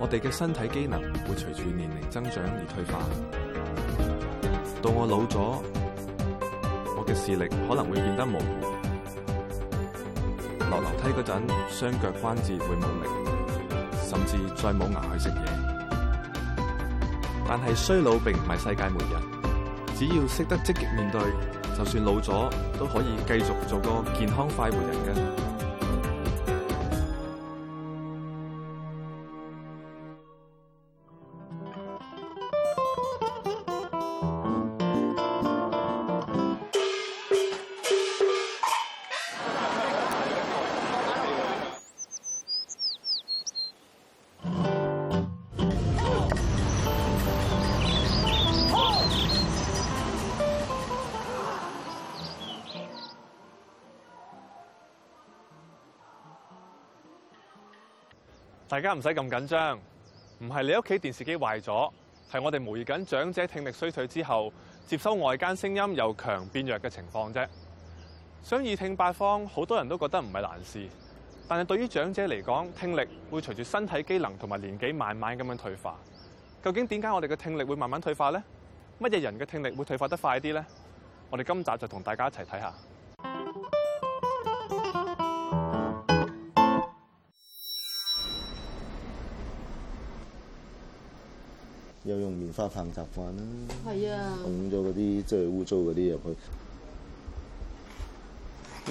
我哋嘅身體機能會隨住年齡增長而退化，到我老咗，我嘅視力可能會變得模糊，落樓梯嗰陣雙腳關節會冇力，甚至再冇牙去食嘢。但係衰老並唔係世界末日，只要識得積極面對，就算老咗都可以繼續做個健康快活人㗎。大家唔使咁緊張，唔係你屋企電視機壞咗，係我哋模擬緊長者聽力衰退之後接收外間聲音由強變弱嘅情況啫。想耳聽八方，好多人都覺得唔係難事，但係對於長者嚟講，聽力會隨住身體機能同埋年紀慢慢咁樣退化。究竟點解我哋嘅聽力會慢慢退化呢？乜嘢人嘅聽力會退化得快啲呢？我哋今集就同大家一齊睇下。又用棉花棒習慣啦，係啊，捅咗嗰啲即係污糟嗰啲入去。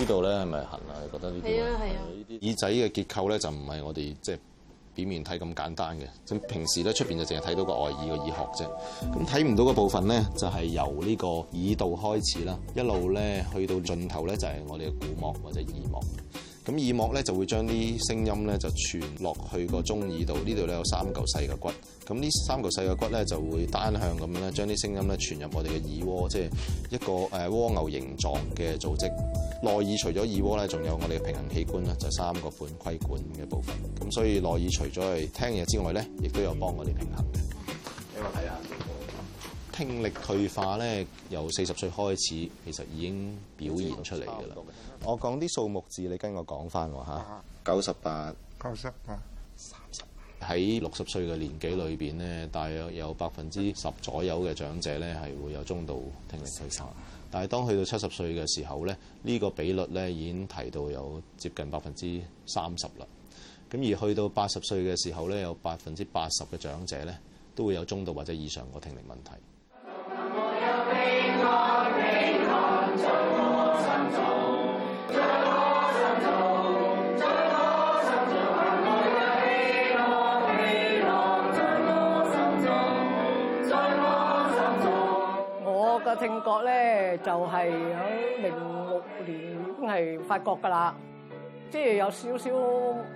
呢度咧係咪痕啊？你覺得呢啲？係啊，係啊。耳仔嘅結構咧就唔係我哋即係表面睇咁簡單嘅。咁平時咧出邊就淨係睇到個外耳個耳殼啫。咁睇唔到嘅部分咧就係由呢個耳道開始啦，一路咧去到盡頭咧就係我哋嘅鼓膜或者耳膜。咁耳膜咧就會將啲聲音咧就傳落去個中耳度，呢度咧有三嚿細嘅骨，咁呢三嚿細嘅骨咧就會單向咁樣咧將啲聲音咧傳入我哋嘅耳窩，即係一個誒、呃、蝸牛形狀嘅組織。內耳除咗耳窩咧，仲有我哋嘅平衡器官啦，就係、三個半規管嘅部分。咁所以內耳除咗係聽嘢之外咧，亦都有幫我哋平衡嘅。聽力退化呢，由四十歲開始，其實已經表現出嚟㗎啦。我講啲數目字，你跟我講翻喎吓。九十八、九十八、三十。喺六十歲嘅年紀裏面呢，大約有百分之十左右嘅長者呢係會有中度聽力退化。但係當去到七十歲嘅時候呢，呢、呢個比率呢已經提到有接近百分之三十啦。咁而去到八十歲嘅時候呢，有百分之八十嘅長者呢都會有中度或者以上嘅聽力問題。覺咧，就係喺零六年已經係發覺噶啦，即係有少少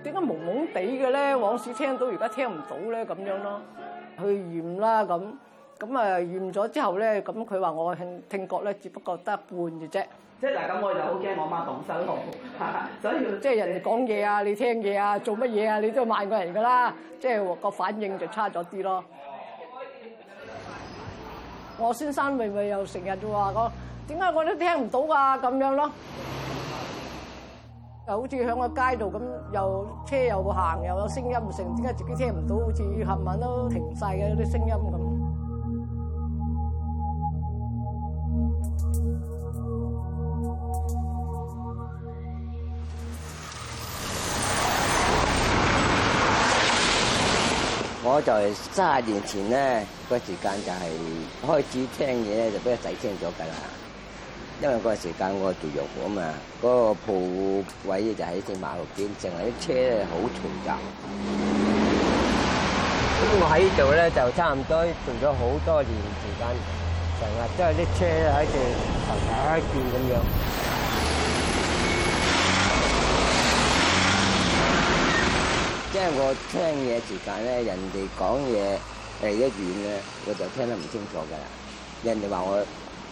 點解朦朦地嘅咧？往時聽到而家聽唔到咧咁樣咯，去驗啦咁，咁啊驗咗之後咧，咁佢話我聽聽覺咧只不過得一半嘅啫，即係嗱咁，我就好驚我媽咁辛苦。 所以即要係 人哋講嘢啊，你聽嘢啊，做乜嘢啊，你都慢過人噶啦，即係個反應就差咗啲咯。我先生咪咪又成日就話我，點解我都聽唔到㗎咁樣咯？又好似喺個街度咁，又車又行又有聲音，成點解自己聽唔到？好似冚埋都停曬嘅啲聲音咁。我就卅年前咧、嗰個時間就係開始聽嘢就畀個仔聽咗㗎啦，因為個時間我做肉攞嘛，嗰個鋪位就喺正馬路邊，淨係啲車好嘈雜。咁我喺呢度咧就差唔多做咗好多年時間，成日都係啲車喺度嘈嘈閉咁樣。即係我聽嘢時間咧，人哋講嘢離得遠咧，我就聽得唔清楚嘅啦。人哋話我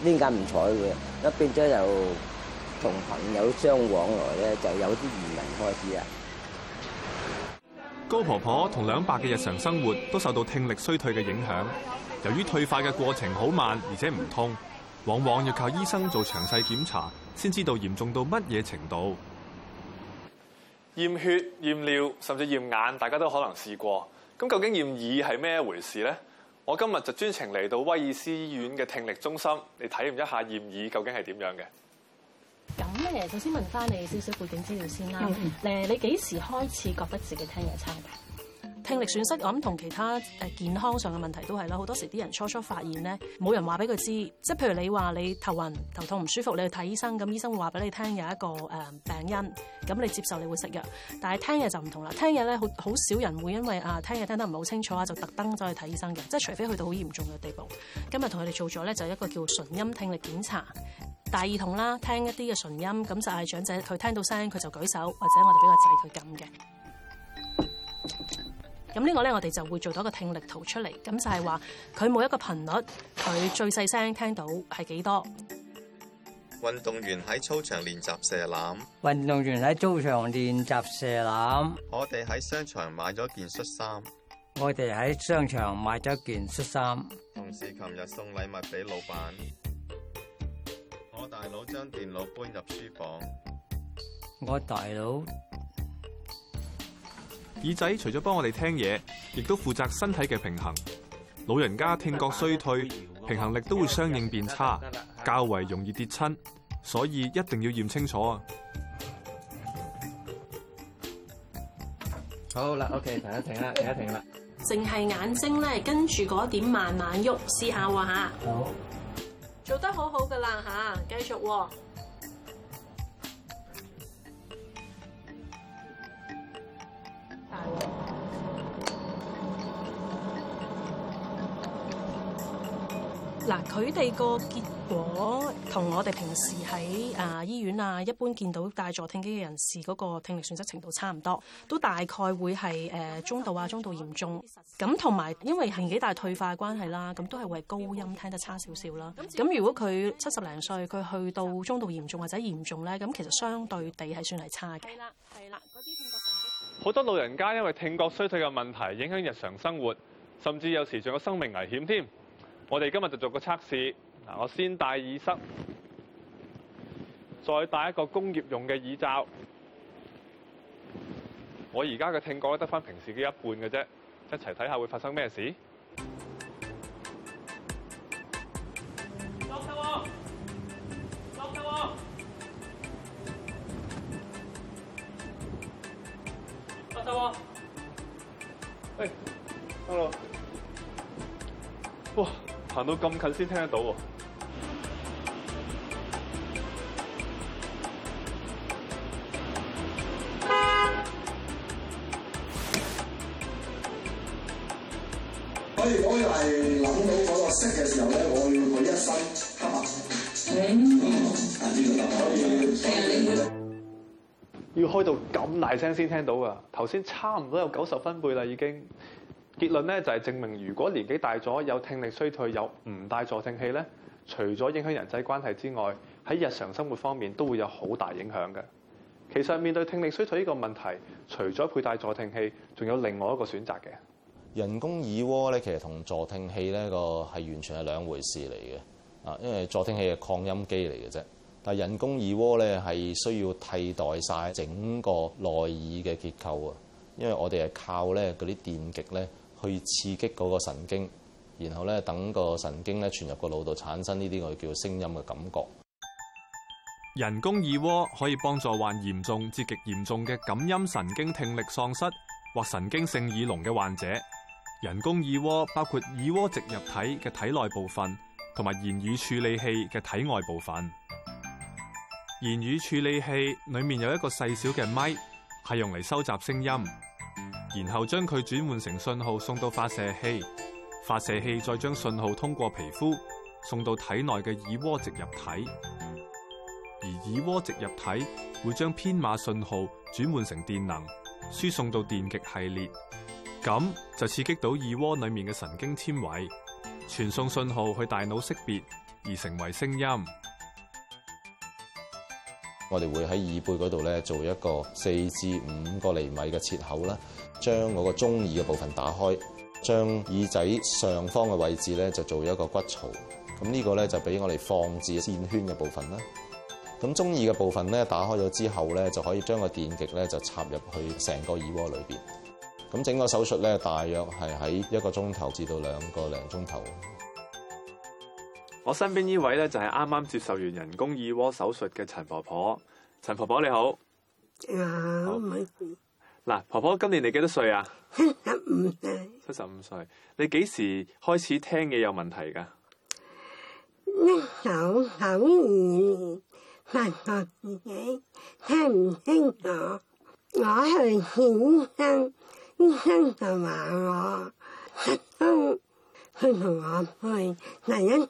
點解唔睬佢？一變咗又同朋友相往來咧，就有啲疑問開始啦。高婆婆同兩伯嘅日常生活都受到聽力衰退嘅影響。由於退化嘅過程好慢，而且唔痛，往往要靠醫生做詳細檢查，先知道嚴重到乜嘢程度。驗血、驗尿甚至驗眼，大家都可能試過。咁究竟驗耳係咩一回事咧？我今日就專程嚟到威爾斯醫院嘅聽力中心，嚟體驗一下驗耳究竟係點樣嘅。咁咧，首先問翻你少少背景資料先啦。誒、嗯，你幾時開始覺得自己聽力差嘅？聽力損失，我諗同其他誒健康上嘅問題都係啦。好多時啲人初初發現咧，冇人話俾佢知。即係譬如你話你頭暈頭痛唔舒服，你去睇醫生，咁醫生會話俾你聽有一個誒病因，咁你接受你會食藥。但係聽嘢就唔同啦，聽嘢咧好好少人會因為啊聽嘢聽得唔好清楚啊，就特登走去睇醫生嘅。即係除非去到好嚴重嘅地步。今日同佢哋做咗咧，就一個叫純音聽力檢查，大耳筒啦，聽一啲嘅純音，咁就係長者佢聽到聲佢就舉手，或者我哋俾個掣佢撳嘅。咁、這、呢個咧，我哋就會做到一個聽力圖出嚟，咁就係話佢每一個頻率，佢最細聲聽到係幾多？運動員喺操場練習射籃。運動員喺操場練習射籃。我哋喺商場買咗件恤衫。我哋喺商場買咗件恤衫。同事琴日送禮物俾老闆。我大佬將電腦搬入書房。我大佬。耳仔除咗幫我哋聽嘢，亦都負責身體嘅平衡。老人家聽覺衰退，平衡力都會相應變差，較為容易跌親，所以一定要驗清楚。好啦，OK，停一停啦，停一停啦。淨係眼睛咧，跟住嗰點慢慢喐，試下喎吓。好，做得好好噶啦吓，繼續。嗱，佢哋個結果同我哋平時喺啊醫院啊一般見到戴助聽機嘅人士嗰個聽力損失程度差唔多，都大概會係誒、啊、中度啊、中度嚴重。咁同埋因為年紀大退化嘅關係啦，咁都係為高音聽得差少少啦。咁如果佢七十零歲，佢去到中度嚴重或者嚴重咧，咁其實相對地係算係差嘅。係啦，係啦，嗰啲聽覺神經好多老人家因為聽覺衰退嘅問題影響日常生活，甚至有時仲有生命危險添。我哋今日就做個測試，我先戴耳塞，再戴一個工業用嘅耳罩。我而家嘅聽覺得返平時嘅一半嘅啫，一齊睇下會發生咩事。行到咁近先聽得到喎！所以講又係諗到嗰個聲嘅時候咧，我要佢一心要開到咁大聲先聽到㗎。頭先差唔多有九十分貝啦已經。結論咧就係證明，如果年紀大咗有聽力衰退，有唔戴助聽器咧，除咗影響人際關係之外，喺日常生活方面都會有好大影響嘅。其實面對聽力衰退呢個問題，除咗佩戴助聽器，仲有另外一個選擇嘅人工耳蝸咧，其實同助聽器咧個係完全係兩回事嚟嘅。啊，因為助聽器係擴音機嚟嘅啫，但係人工耳蝸咧係需要替代晒整個內耳嘅結構啊，因為我哋係靠咧嗰啲電極咧。去刺激嗰個神經，然後咧等個神經咧傳入個腦度，產生呢啲我哋叫聲音嘅感覺。人工耳蝸可以幫助患嚴重至極嚴重嘅感音神經聽力喪失或神經性耳聾嘅患者。人工耳蝸包括耳蝸植入體嘅體內部分，同埋言語處理器嘅體外部分。言語處理器裏面有一個細小嘅咪，係用嚟收集聲音。然後將佢轉換成信號送到發射器，發射器再將信號通過皮膚送到體內嘅耳蝸植入體，而耳蝸植入體會將編碼信號轉換成電能，輸送到電極系列，咁就刺激到耳蝸裏面嘅神經纖維，傳送信號去大腦識別，而成為聲音。我哋會喺耳背嗰度咧做一個四至五個厘米嘅切口啦，將我個中耳嘅部分打開，將耳仔上方嘅位置咧就做一個骨槽，咁呢個咧就俾我哋放置線圈嘅部分啦。咁中耳嘅部分咧打開咗之後咧，就可以將個電極咧就插入去成個耳窩裏邊。咁整個手術咧大約係喺一個鐘頭至到兩個零鐘頭。我身邊呢位咧就係啱啱接受完人工耳蝸手術嘅陳婆婆，陳婆婆你好。嗱，婆婆今年你幾多歲啊？七十五歲。七十五歲，你幾時開始聽嘢有問題噶？口唞耳，發覺自己聽唔清楚？我去醫生，醫生就話我失聰，去去去，第一。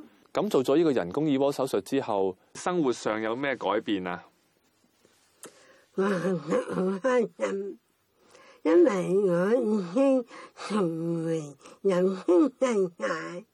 咁做咗呢個人工耳窩手術之後，生活上有咩改變啊？我好開心，因為我已經從未有聽見解，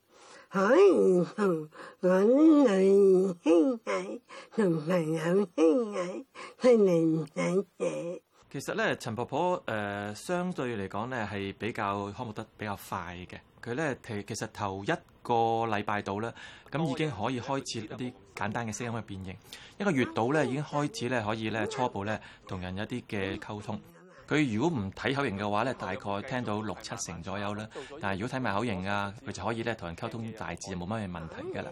可以同我啲女兒傾偈，同朋友傾偈，佢哋唔想嘅。其實咧，陳婆婆誒相對嚟講咧係比較康復得比較快嘅。佢咧，其其實頭一個禮拜到啦，咁已經可以開始一啲簡單嘅聲音去變形。一個月到咧，已經開始咧可以咧初步咧同人一啲嘅溝通。佢如果唔睇口型嘅話咧，大概聽到六七成左右啦。但係如果睇埋口型啊，佢就可以咧同人溝通大致就冇乜嘢問題㗎啦。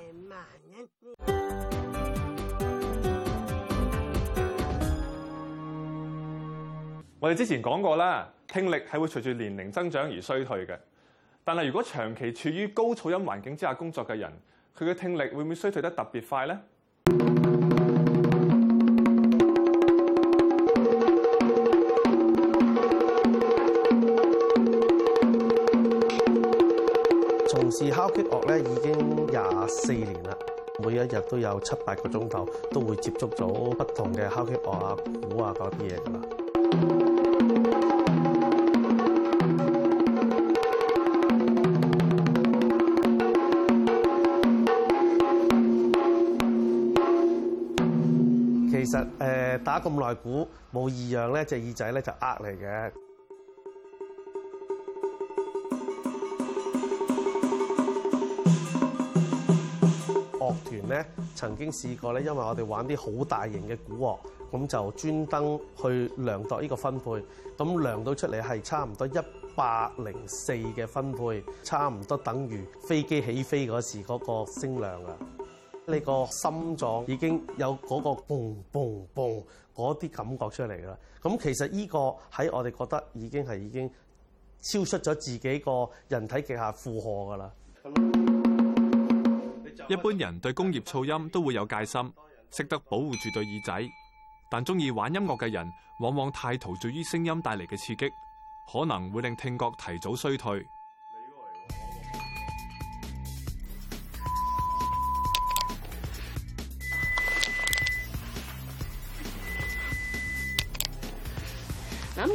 我哋之前講過啦，聽力係會隨住年齡增長而衰退嘅。但係如果長期處於高噪音環境之下工作嘅人，佢嘅聽力會唔會衰退得特別快呢？從事敲擊樂咧已經廿四年啦，每一日都有七八個鐘頭都會接觸到不同嘅敲擊樂啊、鼓啊嗰啲嘢㗎喇。打咁耐鼓冇異樣咧，隻耳仔咧就呃你嘅。樂團咧曾經試過咧，因為我哋玩啲好大型嘅鼓鑼，咁就專登去量度呢個分貝。咁量到出嚟係差唔多一百零四嘅分貝，差唔多等於飛機起飛嗰時嗰個聲量啊！你個心臟已經有嗰個嘣嘣嘣嗰啲感覺出嚟噶啦。咁其實呢個喺我哋覺得已經係已經超出咗自己個人體極限負荷噶啦。一般人對工業噪音都會有戒心，識得保護住對耳仔。但中意玩音樂嘅人，往往太陶醉於聲音帶嚟嘅刺激，可能會令聽覺提早衰退。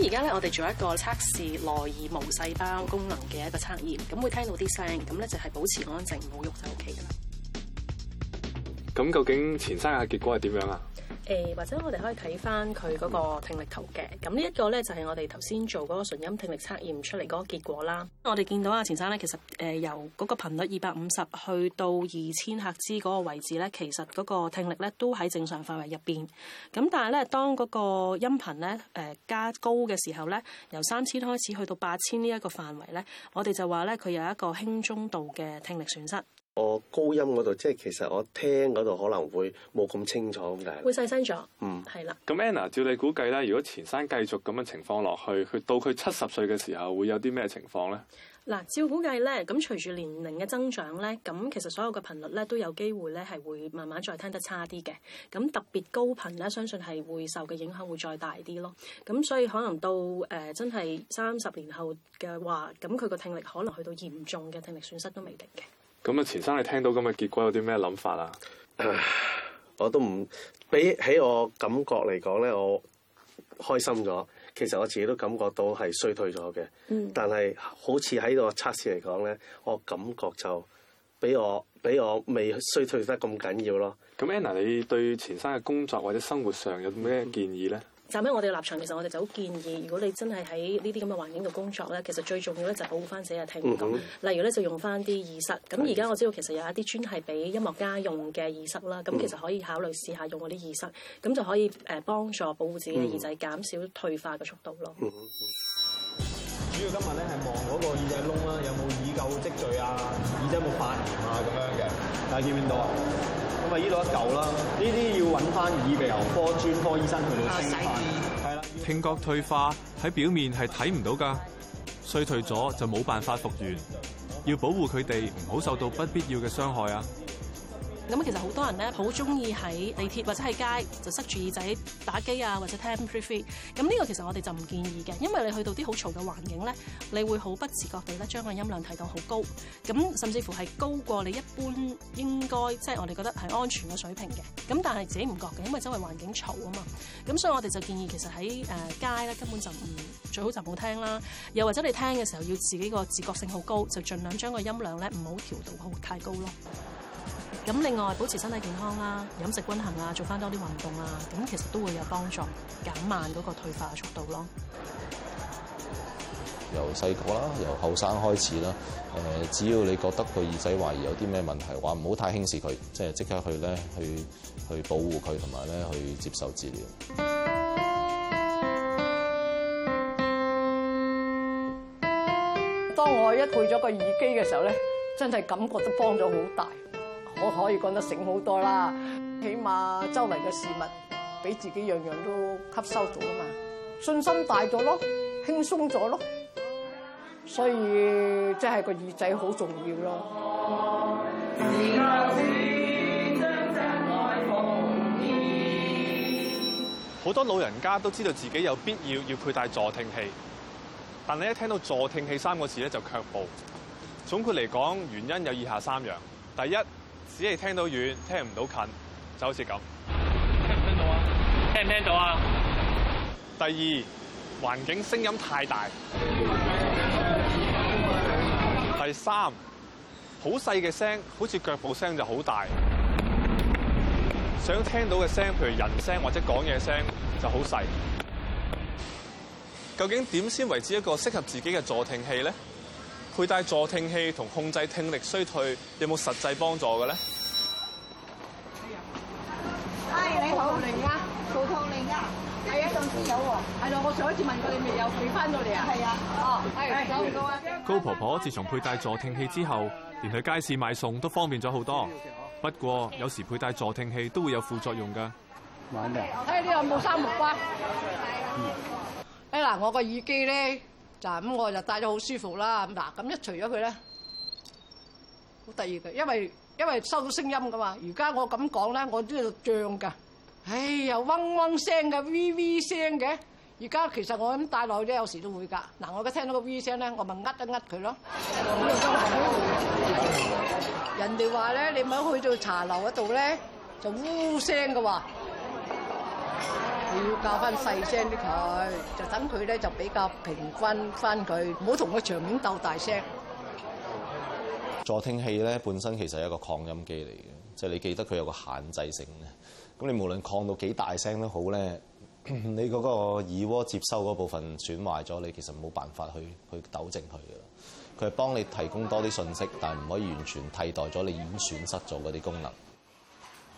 而家咧，我哋做一個測試內耳毛細胞功能嘅一個測驗，咁會聽到啲聲，咁咧就係保持安靜，冇喐就 OK 噶啦。咁究竟前生日結果係點樣啊？誒或者我哋可以睇翻佢嗰個聽力圖嘅，咁呢一個呢，就係我哋頭先做嗰個純音聽力測驗出嚟嗰個結果啦。我哋見到啊，錢生呢，其實誒由嗰個頻率二百五十去到二千赫茲嗰個位置呢，其實嗰個聽力呢都喺正常範圍入邊。咁但係呢，當嗰個音頻呢誒加高嘅時候呢，由三千開始去到八千呢一個範圍呢，我哋就話呢，佢有一個輕中度嘅聽力損失。我高音嗰度，即係其實我聽嗰度可能會冇咁清楚咁解，會細聲咗。嗯，係啦。咁 Anna 照你估計咧，如果前生繼續咁樣嘅情況落去，到佢七十歲嘅時候會有啲咩情況咧？嗱，照估計咧，咁隨住年齡嘅增長咧，咁其實所有嘅頻率咧都有機會咧係會慢慢再聽得差啲嘅。咁特別高頻咧，相信係會受嘅影響會再大啲咯。咁所以可能到誒真係三十年後嘅話，咁佢個聽力可能去到嚴重嘅聽力損失都未定嘅。咁啊，前生你聽到咁嘅結果有啲咩諗法啊？我都唔，比起我感覺嚟講咧，我開心咗。其實我自己都感覺到係衰退咗嘅、嗯，但係好似喺個測試嚟講咧，我感覺就俾我俾我未衰退得咁緊要咯。咁 Anna，你對前生嘅工作或者生活上有咩建議咧？嗯站喺我哋嘅立場，其實我哋就好建議，如果你真係喺呢啲咁嘅環境度工作咧，其實最重要咧就係保護翻自己嘅聽力。例如咧就用翻啲耳塞。咁而家我知道其實有一啲專係俾音樂家用嘅耳塞啦，咁其實可以考慮試下用嗰啲耳塞，咁就可以誒幫助保護自己嘅耳仔，減少退化嘅速度咯。主要今日咧係望嗰個耳仔窿啦，有冇耳垢積聚啊？耳仔有冇發炎啊？咁樣嘅，大家見唔見到啊？.咪依度一舊啦，呢啲要揾翻耳鼻喉科專科醫生去到清係啦。聽覺退化喺表面係睇唔到㗎，衰退咗就冇辦法復原，要保護佢哋唔好受到不必要嘅傷害啊！咁其實好多人咧，好中意喺地鐵或者喺街就塞住耳仔打機啊，或者聽 free free。咁呢個其實我哋就唔建議嘅，因為你去到啲好嘈嘅環境咧，你會好不自覺地咧將個音量提到好高，咁甚至乎係高過你一般應該即係我哋覺得係安全嘅水平嘅。咁但係自己唔覺嘅，因為周圍環境嘈啊嘛。咁所以我哋就建議其實喺誒街咧根本就唔最好就唔好聽啦。又或者你聽嘅時候要自己個自覺性好高，就儘量將個音量咧唔好調到太高咯。咁另外保持身體健康啦，飲食均衡啊，做翻多啲運動啊，咁其實都會有幫助，減慢嗰個退化嘅速度咯。由細個啦，由後生開始啦，誒，只要你覺得個耳仔懷疑有啲咩問題嘅話，唔好太輕視佢，即係即刻去咧去去保護佢同埋咧去接受治療。當我一配咗個耳機嘅時候咧，真係感覺都幫咗好大。我可以覺得醒好多啦，起碼周圍嘅事物俾自己樣樣都吸收咗啊嘛，信心大咗咯，輕鬆咗咯，所以即係個耳仔好重要咯。好多老人家都知道自己有必要要佩戴助聽器，但你一聽到助聽器三個字咧就卻步。總括嚟講，原因有以下三樣：第一。只係聽到遠，聽唔到近，就好似咁。聽唔聽，聽到啊？聽唔聽到啊？第二，環境聲音太大。 第三，好細嘅聲，好似腳步聲就好大。 想聽到嘅聲，譬如人聲或者講嘢聲，就好細。究竟點先為之一個適合自己嘅助聽器咧？佩戴助聽器同控制聽力衰退有冇實際幫助嘅咧？哎，你好，老人家，老套，老人家，係啊，上次有喎，係咯，我上一次問過你未有，未翻到嚟啊？係啊，哦，係，走唔到啊。高婆婆自從佩戴助聽器之後，連去街市買餸都方便咗好多。不過，有時佩戴助聽器都會有副作用㗎。揾㗎，睇下呢個有冇三木瓜？哎嗱，我個耳機咧。就咁我就戴咗好舒服啦，嗱咁一除咗佢咧，好得意嘅，因為因為收到聲音噶嘛。而家我咁講咧，我都要漲噶，唉又嗡嗡聲嘅，v v 聲嘅。而家其實我咁戴落去咧，有時都會㗎。嗱我而家聽到個 v 聲咧，我咪噏一噏佢咯。人哋話咧，你咪去到茶樓嗰度咧，就烏聲嘅話。你要教翻細聲啲佢，就等佢咧就比較平均翻佢，唔好同個場面鬥大聲。助聽器咧本身其實係一個擴音機嚟嘅，即係你記得佢有個限制性嘅。咁你無論擴到幾大聲都好咧，你嗰個耳窩接收嗰部分損壞咗，你其實冇辦法去去糾正佢嘅。佢係幫你提供多啲信息，但係唔可以完全替代咗你已經損失咗嗰啲功能。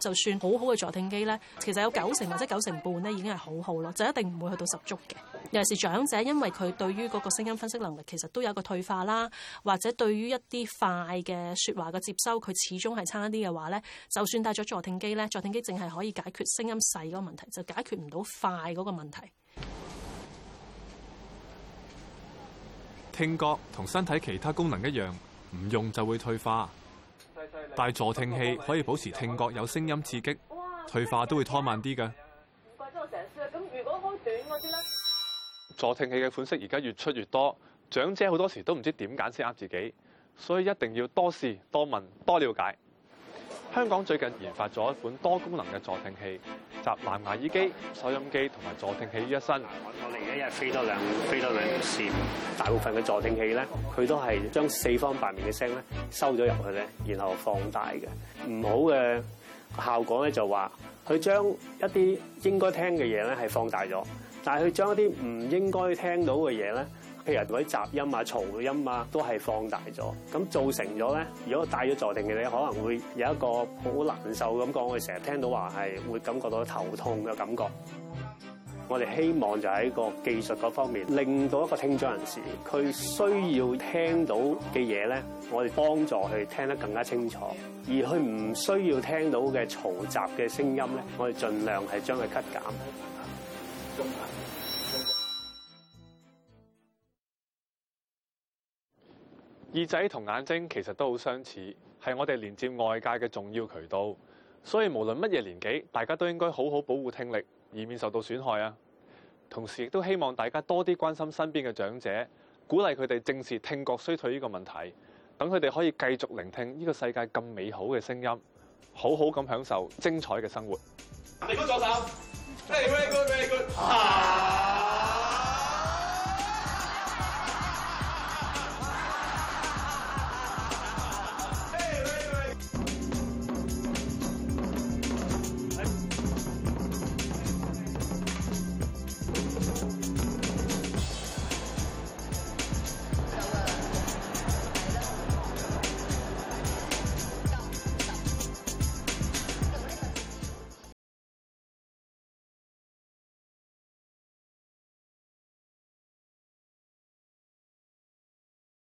就算好好嘅助聽機呢，其實有九成或者九成半呢已經係好好咯，就一定唔會去到十足嘅。尤其是長者，因為佢對於嗰個聲音分析能力其實都有個退化啦，或者對於一啲快嘅説話嘅接收，佢始終係差啲嘅話呢，就算戴咗助聽機呢，助聽機淨係可以解決聲音細嗰個問題，就解決唔到快嗰個問題。聽覺同身體其他功能一樣，唔用就會退化。戴助聽器可以保持聽覺有聲音刺激，退化都會拖慢啲㗎。唔怪得我成日輸啦。咁如果短啲咧，助聽器嘅款式而家越出越多，長者好多時都唔知點揀先啱自己，所以一定要多試多問多了解。香港最近研發咗一款多功能嘅助聽器，集藍牙耳機、收音機同埋助聽器於一身。我我哋一日飛多兩飛多兩次線。大部分嘅助聽器咧，佢都係將四方八面嘅聲咧收咗入去咧，然後放大嘅。唔好嘅效果咧就話佢將一啲應該聽嘅嘢咧係放大咗，但係佢將一啲唔應該聽到嘅嘢咧。譬如如嗰啲雜音啊、嘈嘅音啊，都係放大咗，咁造成咗咧。如果戴咗助聽器，你可能會有一個好難受咁講，我哋成日聽到話係會感覺到頭痛嘅感覺。我哋希望就喺個技術嗰方面，令到一個聽障人士佢需要聽到嘅嘢咧，我哋幫助佢聽得更加清楚，而佢唔需要聽到嘅嘈雜嘅聲音咧，我哋盡量係將佢吸減。耳仔同眼睛其實都好相似，係我哋連接外界嘅重要渠道，所以無論乜嘢年紀，大家都應該好好保護聽力，以免受到損害啊！同時亦都希望大家多啲關心身邊嘅長者，鼓勵佢哋正視聽覺衰退呢個問題，等佢哋可以繼續聆聽呢個世界咁美好嘅聲音，好好咁享受精彩嘅生活。你左手